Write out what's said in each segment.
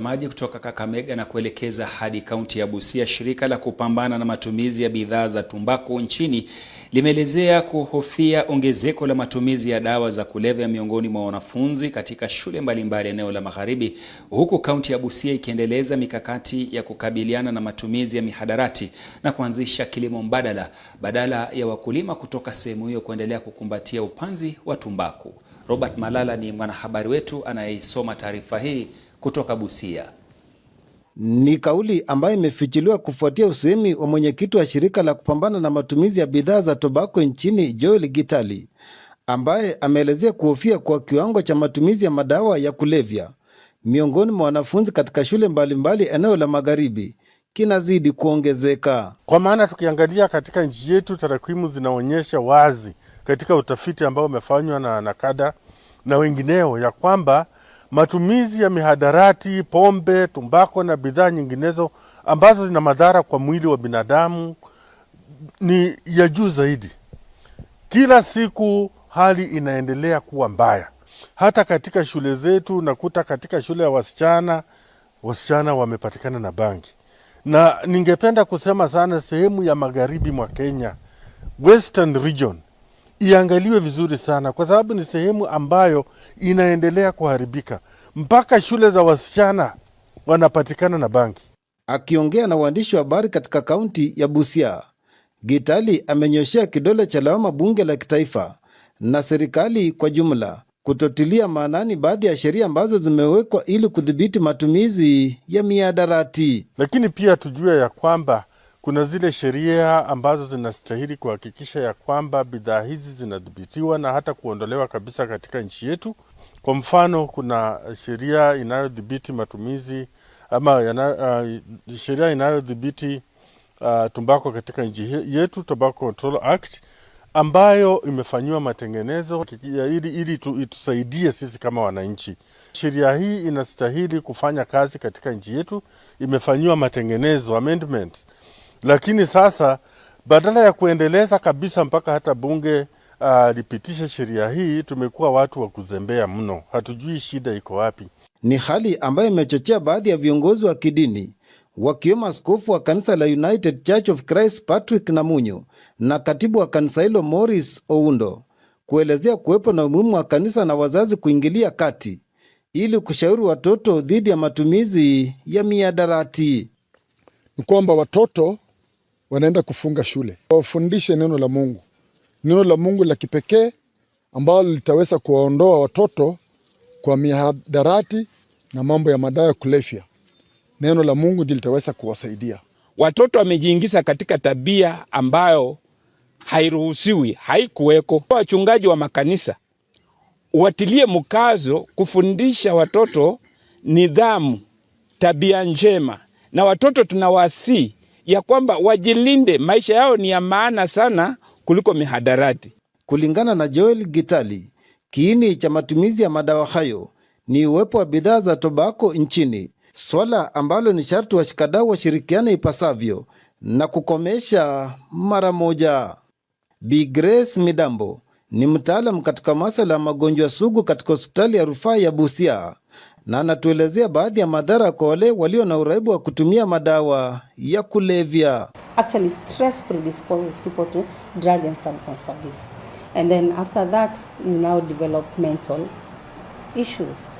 maji kutoka Kakamega na kuelekeza hadi kaunti ya Busia, shirika la kupambana na matumizi ya bidhaa za tumbaku nchini limeelezea kuhofia ongezeko la matumizi ya dawa za kulevya miongoni mwa wanafunzi katika shule mbalimbali eneo la Magharibi, huku kaunti ya Busia ikiendeleza mikakati ya kukabiliana na matumizi ya mihadarati na kuanzisha kilimo mbadala badala ya wakulima kutoka sehemu hiyo kuendelea kukumbatia upanzi wa tumbaku. Robert Malala ni mwanahabari wetu anayeisoma taarifa hii kutoka Busia. Ni kauli ambayo imefichiliwa kufuatia usemi wa mwenyekiti wa shirika la kupambana na matumizi ya bidhaa za tobako nchini Joel Gitali, ambaye ameelezea kuhofia kwa kiwango cha matumizi ya madawa ya kulevya miongoni mwa wanafunzi katika shule mbalimbali mbali eneo la magharibi kinazidi kuongezeka. Kwa maana tukiangalia katika nchi yetu, tarakimu zinaonyesha wazi katika utafiti ambao umefanywa na NACADA na wengineo ya kwamba matumizi ya mihadarati, pombe, tumbako na bidhaa nyinginezo ambazo zina madhara kwa mwili wa binadamu ni ya juu zaidi. Kila siku hali inaendelea kuwa mbaya. Hata katika shule zetu nakuta katika shule ya wasichana, wasichana wamepatikana na bangi, na ningependa kusema sana, sehemu ya magharibi mwa Kenya, Western region iangaliwe vizuri sana, kwa sababu ni sehemu ambayo inaendelea kuharibika. Mpaka shule za wasichana wanapatikana na bangi. Akiongea na waandishi wa habari katika kaunti ya Busia, Gitali amenyoshea kidole cha lawama bunge la kitaifa na serikali kwa jumla kutotilia maanani baadhi ya sheria ambazo zimewekwa ili kudhibiti matumizi ya miadarati. Lakini pia tujue ya kwamba kuna zile sheria ambazo zinastahili kuhakikisha ya kwamba bidhaa hizi zinadhibitiwa na hata kuondolewa kabisa katika nchi yetu. Kwa mfano, kuna sheria inayodhibiti matumizi ama uh, sheria inayodhibiti uh, tumbako katika nchi yetu, Tobacco Control Act ambayo imefanyiwa matengenezo ili, ili tu, itusaidie sisi kama wananchi. Sheria hii inastahili kufanya kazi katika nchi yetu, imefanyiwa matengenezo amendment lakini sasa badala ya kuendeleza kabisa mpaka hata bunge uh, lipitishe sheria hii, tumekuwa watu wa kuzembea mno, hatujui shida iko wapi. Ni hali ambayo imechochea baadhi ya viongozi wa kidini wakiwemo askofu wa kanisa la United Church of Christ Patrick Namunyo na katibu wa kanisa hilo Morris Oundo kuelezea kuwepo na umuhimu wa kanisa na wazazi kuingilia kati ili kushauri watoto dhidi ya matumizi ya miadarati. Ni kwamba watoto wanaenda kufunga shule, wawafundishe neno la Mungu, neno la Mungu la kipekee ambalo litaweza kuwaondoa watoto kwa mihadarati na mambo ya madawa ya kulevya. Neno la Mungu ndilo litaweza kuwasaidia watoto. Wamejiingiza katika tabia ambayo hairuhusiwi, haikuweko. Wachungaji wa makanisa watilie mkazo kufundisha watoto nidhamu, tabia njema, na watoto tunawasii ya kwamba wajilinde, maisha yao ni ya maana sana kuliko mihadarati. Kulingana na Joel Gitali, kiini cha matumizi ya madawa hayo ni uwepo wa bidhaa za tobako nchini, swala ambalo ni sharti washikadau washirikiane ipasavyo na kukomesha mara moja. Bi Grace Midambo ni mtaalamu katika masuala ya magonjwa sugu katika hospitali ya rufaa ya Busia na anatuelezea baadhi ya madhara kwa wale walio na uraibu wa kutumia madawa ya kulevya. Actually, stress predisposes people to drug and substance abuse. And then after that, you now develop mental issues.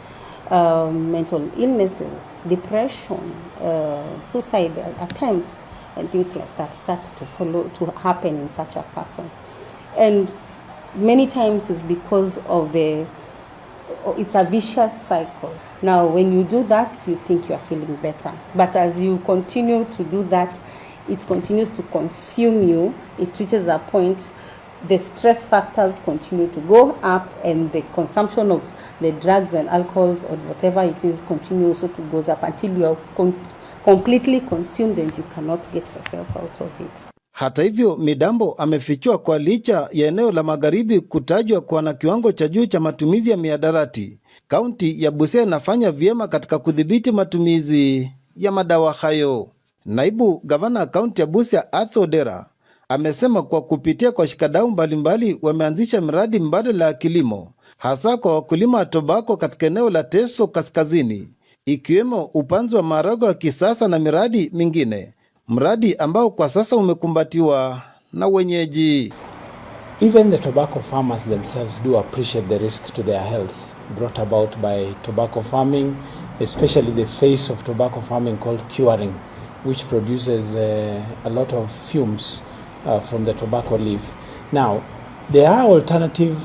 Uh, mental illnesses, depression, uh, suicide attempts and things like that start to follow to happen in such a person. And many times is because of the Oh, it's a vicious cycle. Now, when you do that, you think you are feeling better. But as you continue to do that, it continues to consume you. It reaches a point the stress factors continue to go up and the consumption of the drugs and alcohols or whatever it is continues also to goes up until you are com completely consumed and you cannot get yourself out of it. Hata hivyo, Midambo amefichua kwa licha ya eneo la magharibi kutajwa kuwa na kiwango cha juu cha matumizi ya miadarati, kaunti ya Busia inafanya vyema katika kudhibiti matumizi ya madawa hayo. Naibu gavana kaunti ya Busia Arthur Dera amesema kwa kupitia kwa shikadau mbalimbali wameanzisha miradi mbadala ya kilimo hasa kwa wakulima wa tobako katika eneo la Teso Kaskazini, ikiwemo upanzi wa maharagwe ya kisasa na miradi mingine mradi ambao kwa sasa umekumbatiwa na wenyeji. Even the tobacco farmers themselves do appreciate the risk to their health brought about by tobacco farming, especially the face of tobacco farming called curing, which produces uh, a lot of fumes uh, from the tobacco leaf. Now, there are alternative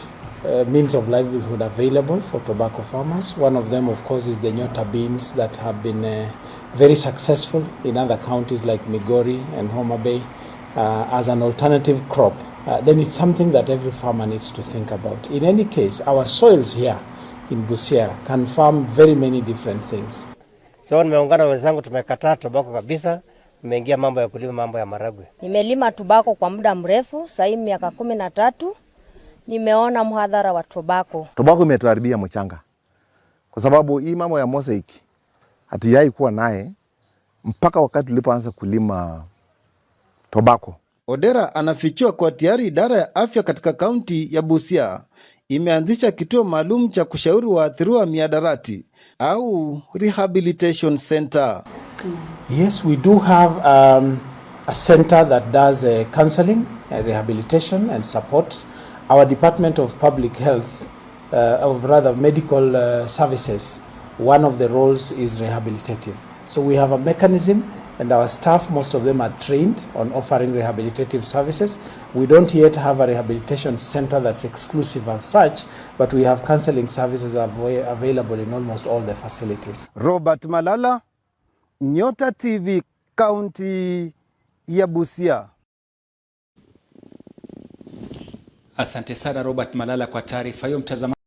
Uh, means of livelihood available for tobacco farmers. One of them, of course, is the Nyota beans that have been uh, very successful in other counties like Migori and Homa Bay uh, as an alternative crop. Uh, then it's something that every farmer needs to think about. In any case, our soils here in Busia can farm very many different things. So nimeungana wenzangu, tumekataa tobacco kabisa. Nimeingia mambo ya kulima mambo ya maragwe. Nimelima tobacco kwa muda mrefu, sasa miaka kumi na tatu nimeona mhadhara wa tobako. Tobako imetuharibia mchanga, kwa sababu hii mambo ya mosaic hatujai kuwa naye mpaka wakati tulipoanza kulima tobako. Odera anafichua kwa tayari idara ya afya katika kaunti ya Busia imeanzisha kituo maalum cha kushauri waathiriwa miadarati au rehabilitation center. Yes, we do have um, a center that does a uh, counseling, a rehabilitation and support our Department of Public Health, uh, of rather Medical uh, Services, one of the roles is rehabilitative. So we have a mechanism and our staff, most of them are trained on offering rehabilitative services. We don't yet have a rehabilitation center that's exclusive as such, but we have counseling services available in almost all the facilities. Robert Malala, Nyota TV, County ya Busia. Asante sana Robert Malala kwa taarifa hiyo mtazamaji.